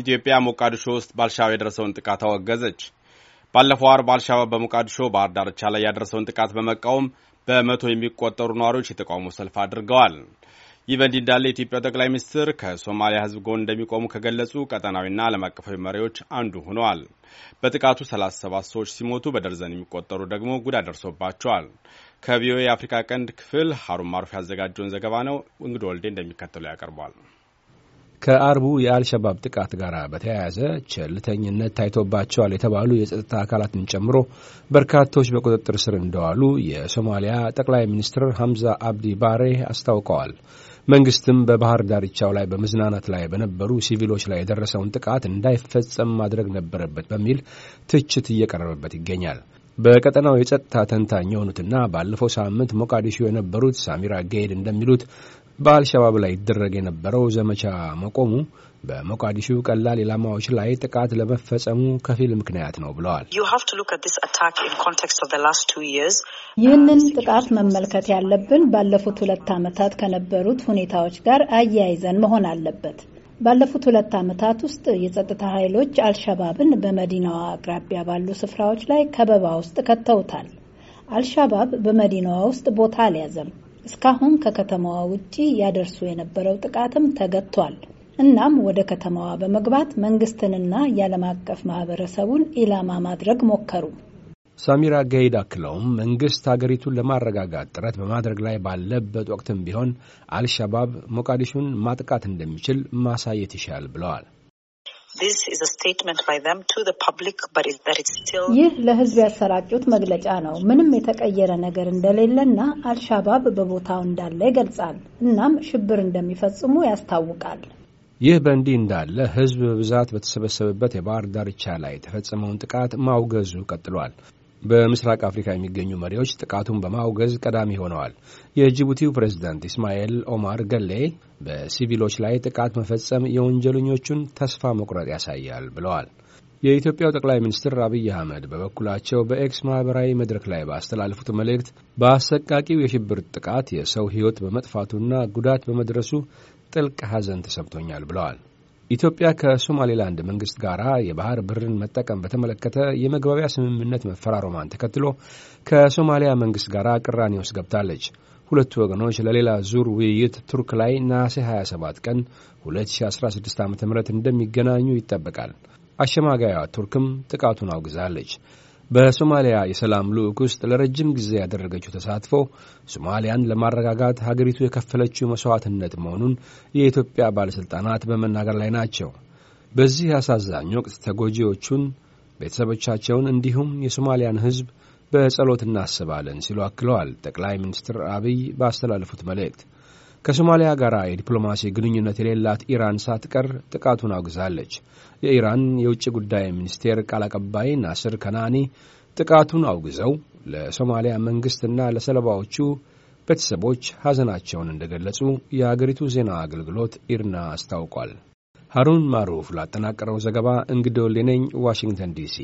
ኢትዮጵያ ሞቃዲሾ ውስጥ ባልሻባብ የደረሰውን ጥቃት አወገዘች። ባለፈው አርብ አልሻባብ በሞቃዲሾ ባህር ዳርቻ ላይ ያደረሰውን ጥቃት በመቃወም በመቶ የሚቆጠሩ ነዋሪዎች የተቃውሞ ሰልፍ አድርገዋል። ይህ በእንዲህ እንዳለ የኢትዮጵያ ጠቅላይ ሚኒስትር ከሶማሊያ ሕዝብ ጎን እንደሚቆሙ ከገለጹ ቀጠናዊና ዓለም አቀፋዊ መሪዎች አንዱ ሆነዋል። በጥቃቱ 37 ሰዎች ሲሞቱ በደርዘን የሚቆጠሩ ደግሞ ጉዳት ደርሶባቸዋል። ከቪኦኤ የአፍሪካ ቀንድ ክፍል ሀሩን ማሩፍ ያዘጋጀውን ዘገባ ነው እንግዶ ወልዴ እንደሚከተለው ያቀርቧል። ከአርቡ የአልሸባብ ጥቃት ጋር በተያያዘ ቸልተኝነት ታይቶባቸዋል የተባሉ የጸጥታ አካላትን ጨምሮ በርካቶች በቁጥጥር ስር እንደዋሉ የሶማሊያ ጠቅላይ ሚኒስትር ሐምዛ አብዲ ባሬ አስታውቀዋል። መንግስትም በባህር ዳርቻው ላይ በመዝናናት ላይ በነበሩ ሲቪሎች ላይ የደረሰውን ጥቃት እንዳይፈጸም ማድረግ ነበረበት በሚል ትችት እየቀረበበት ይገኛል። በቀጠናው የጸጥታ ተንታኝ የሆኑትና ባለፈው ሳምንት ሞቃዲሾ የነበሩት ሳሚራ ገይድ እንደሚሉት በአልሸባብ ላይ ይደረግ የነበረው ዘመቻ መቆሙ በሞቃዲሹ ቀላል ኢላማዎች ላይ ጥቃት ለመፈጸሙ ከፊል ምክንያት ነው ብለዋል። ይህንን ጥቃት መመልከት ያለብን ባለፉት ሁለት ዓመታት ከነበሩት ሁኔታዎች ጋር አያይዘን መሆን አለበት። ባለፉት ሁለት ዓመታት ውስጥ የጸጥታ ኃይሎች አልሸባብን በመዲናዋ አቅራቢያ ባሉ ስፍራዎች ላይ ከበባ ውስጥ ከተውታል። አልሸባብ በመዲናዋ ውስጥ ቦታ አልያዘም። እስካሁን ከከተማዋ ውጪ ያደርሱ የነበረው ጥቃትም ተገጥቷል። እናም ወደ ከተማዋ በመግባት መንግስትንና የዓለም አቀፍ ማህበረሰቡን ኢላማ ማድረግ ሞከሩ። ሳሚራ ገይድ አክለውም መንግስት ሀገሪቱን ለማረጋጋት ጥረት በማድረግ ላይ ባለበት ወቅትም ቢሆን አልሻባብ ሞቃዲሹን ማጥቃት እንደሚችል ማሳየት ይሻል ብለዋል። ይህ ለህዝብ ያሰራጩት መግለጫ ነው። ምንም የተቀየረ ነገር እንደሌለና አልሻባብ በቦታው እንዳለ ይገልጻል። እናም ሽብር እንደሚፈጽሙ ያስታውቃል። ይህ በእንዲህ እንዳለ ህዝብ በብዛት በተሰበሰበበት የባህር ዳርቻ ላይ የተፈጸመውን ጥቃት ማውገዙ ቀጥሏል። በምስራቅ አፍሪካ የሚገኙ መሪዎች ጥቃቱን በማውገዝ ቀዳሚ ሆነዋል። የጅቡቲው ፕሬዝዳንት ኢስማኤል ኦማር ገሌ በሲቪሎች ላይ ጥቃት መፈጸም የወንጀለኞቹን ተስፋ መቁረጥ ያሳያል ብለዋል። የኢትዮጵያው ጠቅላይ ሚኒስትር አብይ አህመድ በበኩላቸው በኤክስ ማኅበራዊ መድረክ ላይ ባስተላለፉት መልእክት በአሰቃቂው የሽብር ጥቃት የሰው ሕይወት በመጥፋቱና ጉዳት በመድረሱ ጥልቅ ሐዘን ተሰምቶኛል ብለዋል። ኢትዮጵያ ከሶማሌላንድ መንግስት ጋር የባህር ብርን መጠቀም በተመለከተ የመግባቢያ ስምምነት መፈራረሟን ተከትሎ ከሶማሊያ መንግስት ጋር ቅራኔ ውስጥ ገብታለች። ሁለቱ ወገኖች ለሌላ ዙር ውይይት ቱርክ ላይ ነሐሴ 27 ቀን 2016 ዓ ም እንደሚገናኙ ይጠበቃል። አሸማጋያ ቱርክም ጥቃቱን አውግዛለች። በሶማሊያ የሰላም ልዑክ ውስጥ ለረጅም ጊዜ ያደረገችው ተሳትፎ ሶማሊያን ለማረጋጋት ሀገሪቱ የከፈለችው መስዋዕትነት መሆኑን የኢትዮጵያ ባለሥልጣናት በመናገር ላይ ናቸው። በዚህ አሳዛኝ ወቅት ተጎጂዎቹን፣ ቤተሰቦቻቸውን እንዲሁም የሶማሊያን ሕዝብ በጸሎት እናስባለን ሲሉ አክለዋል ጠቅላይ ሚኒስትር አብይ ባስተላለፉት መልእክት። ከሶማሊያ ጋር የዲፕሎማሲ ግንኙነት የሌላት ኢራን ሳትቀር ጥቃቱን አውግዛለች። የኢራን የውጭ ጉዳይ ሚኒስቴር ቃል አቀባይ ናስር ከናኒ ጥቃቱን አውግዘው ለሶማሊያ መንግሥትና ለሰለባዎቹ ቤተሰቦች ሐዘናቸውን እንደገለጹ የአገሪቱ ዜና አገልግሎት ኢርና አስታውቋል። ሀሩን ማሩፍ ላጠናቀረው ዘገባ እንግዶ ሌነኝ ዋሽንግተን ዲሲ